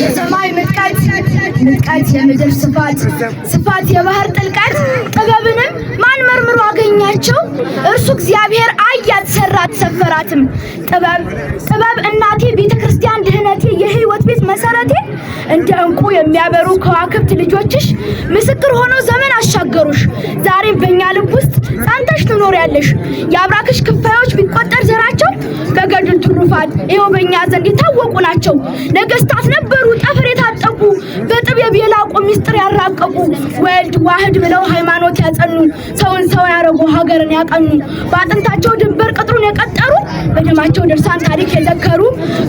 የሰማይ ምጥቀት ምጥቀት የምድር ስፋት ስፋት የባህር ጥልቀት ጥበብንም ማን መርምሮ አገኛቸው? እርሱ እግዚአብሔር አያት ሰራት ሰፈራትም። ጥበብ ጥበብ እናቴ ቤተ ክርስቲያን ድህነቴ የህይወት ቤት መሰረቴ እንደ እንቁ የሚያበሩ ከዋክብት ልጆችሽ ምስክር ሆነው ዘመን አሻገሩሽ። ዛሬም በእኛ ልብ ውስጥ ጸንተሽ ትኖሪያለሽ። የአብራክሽ ክፋዮች ቢቆጠር ዘራቸው የገድል ትሩፋት ይኸው በእኛ ዘንድ የታወቁ ናቸው። ነገስታት ነበሩ ጠፈር የታጠቁ በጥብ የቤላቁ ሚስጥር ያራቀቁ ወልድ ዋህድ ብለው ሃይማኖት ያጸኑ ሰውን ሰውን ያረጉ ሀገርን ያቀኑ በአጥንታቸው ድንበር ቅጥሩን የቀጠሩ በመጽሐፋቸው ድርሳን ታሪክ የዘከሩ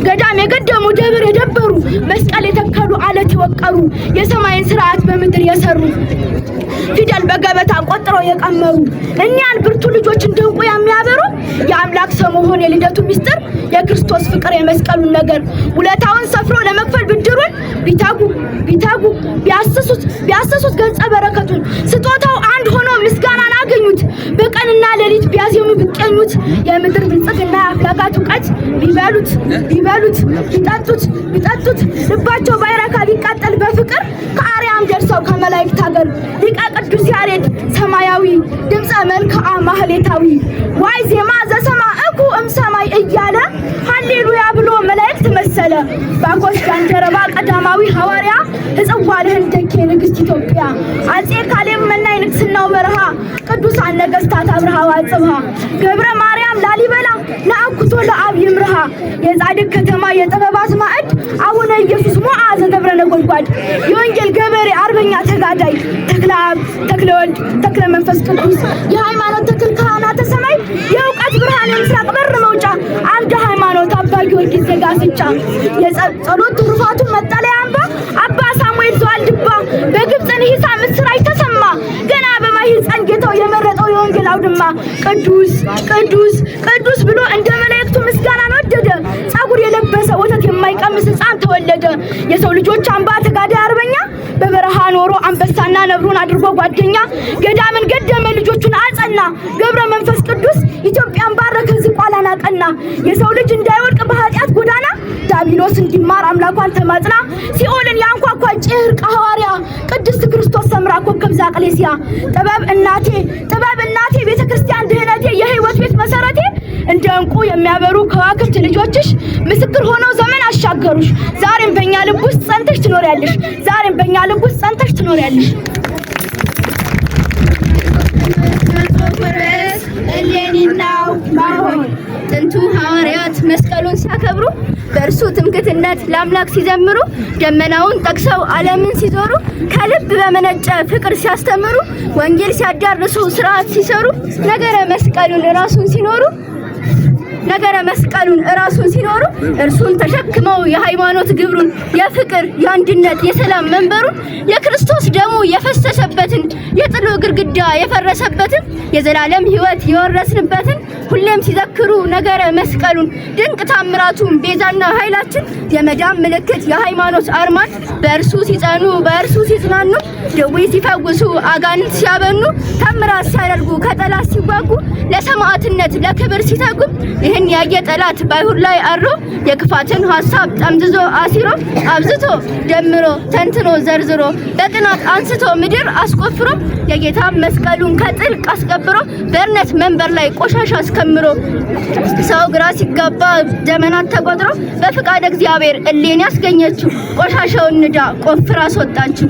ገዳም የገደሙ ደብር የደበሩ መስቀል የተከሉ አለት የወቀሩ የሰማይን ስርዓት በምድር የሰሩ ፊደል በገበታ ቆጥረው የቀመሩ እኒያን ብርቱ ልጆችን ድንቁ የሚያበሩ የአምላክ ሰው መሆን የልደቱ ሚስጥር የክርስቶስ ፍቅር የመስቀሉን ነገር ውለታውን ሰፍሮ ለመክፈል ብድሩን ቢተጉ ቢተጉ ቢያስሱት ቢያስሱት ገጸ በረከቱን ስጦታው አንድ ቅዳሴውን ቢቀኙት የምድር ብልጽግና የአምላካት እውቀት ቢበሉት ቢበሉት ቢጠጡት ቢጠጡት ልባቸው ባይረካ ቢቃጠል በፍቅር ከአርያም ደርሰው ከመላእክት አገር ሊቀ ቅዱስ ያሬድ ሰማያዊ ድምፀ መልክዓ ማህሌታዊ ዋይ ዜማ ዘሰማ እኩ እምሰማይ እያለ ሃሌሉያ ብሎ መላእክት መሰለ ባኮስ ጃንደረባ ቀዳማዊ ሐዋርያ ሕጽዋ ለህንደኬ ንግሥት ኢትዮጵያ ነገስታት አብርሃ ዋጽብሃ ገብረ ማርያም ላሊበላ ለአኩቶ ለአብ ይምርሃ የጻድቅ ከተማ የጥበባት ማዕድ አቡነ ኢየሱስ ሞዓ ዘደብረ ነጎድጓድ የወንጌል ገበሬ አርበኛ ተጋዳይ ተክለ አብ ተክለ ወልድ ተክለ መንፈስ ቅዱስ የሃይማኖት ተክል ካህናተ ሰማይ የእውቀት ብርሃን የምስራቅ በር መውጫ አምደ ሃይማኖት አባ ጊዮርጊስ ዘጋስጫ የጸሎት ትሩፋቱን መጠለያ አምባ አባ ሳሙኤል ዘዋልድባ በግብፅን ንሂሳ ምስራች ቅዱስ ቅዱስ ቅዱስ ብሎ እንደ መላእክቱ ምስጋናን ወደደ። ጸጉር የለበሰ ወተት የማይቀምስ ሕፃን ተወለደ። የሰው ልጆች አምባ ተጋዳይ አርበኛ በበረሃ ኖሮ አንበሳና ነብሩን አድርጎ ጓደኛ ገዳምን ገደመ ልጆቹን አጸና። ገብረ መንፈስ ቅዱስ ኢትዮጵያን ባረከ ዝቋላን አቀና። የሰው ልጅ እንዳይወድቅ በኃጢአት ጎዳና ዳቢሎስ እንዲማር አምላኳን ተማጽና ሲኦልን ያንኳኳን ጭርቅ ሐዋርያ ቅድስት ክርስቶስ ሰምራ ኮከብ ዛቅሌሲያ ጥበብ እናቴ ጥበብ እናቴ ቤተ ክርስቲያን ድህነቴ የህይወት ቤት መሰረቴ እንደ እንቁ የሚያበሩ ከዋክብት ልጆችሽ ምስክር ሆነው ዘመን አሻገሩሽ። ዛሬም በእኛ ልብ ውስጥ ጸንተሽ ትኖሪያለሽ። ዛሬም በእኛ ልብ ውስጥ ጸንተሽ ትኖሪያለሽ። እሌኒናው ማሆን ጥንቱ ሐዋርያት መስቀሉን ሲያከብሩ በእርሱ ትምክትነት ለአምላክ ሲዘምሩ ደመናውን ጠቅሰው ዓለምን ሲዞሩ ከልብ በመነጨ ፍቅር ሲያስተምሩ ወንጌል ሲያዳርሱ ስርዓት ሲሰሩ ነገረ መስቀሉን ራሱን ሲኖሩ ነገረ መስቀሉን እራሱን ሲኖሩ እርሱን ተሸክመው የሃይማኖት ግብሩን የፍቅር የአንድነት የሰላም መንበሩን የክርስቶስ ደሙ የፈሰሰበትን የጥሎ ግድግዳ የፈረሰበትን የዘላለም ሕይወት የወረስንበትን ሁሌም ሲዘክሩ ነገረ መስቀሉን ድንቅ ታምራቱን ቤዛና ኃይላችን የመዳን ምልክት የሃይማኖት አርማን በእርሱ ሲጸኑ በእርሱ ሲጽናኑ ደዌ ሲፈውሱ አጋንንት ሲያበኑ ታምራት ሲያደርጉ ከጠላት ሲዋጉ ለሰማዕትነት ለክብር ሲተጉም ይህን ያየ ጠላት በአይሁድ ላይ አድሮ የክፋትን ሐሳብ ጠምዝዞ አሲሮ አብዝቶ ደምሮ ተንትኖ ዘርዝሮ በቅናት አንስቶ ምድር አስቆፍሮ የጌታ መስቀሉን ከጥልቅ አስቀብሮ በእርነት መንበር ላይ ቆሻሻ አስከምሮ ሰው ግራ ሲጋባ ዘመናት ተቆጥሮ በፍቃድ እግዚአብሔር እሌን ያስገኘችው ቆሻሻውን ንዳ ቆፍራ አስወጣችው።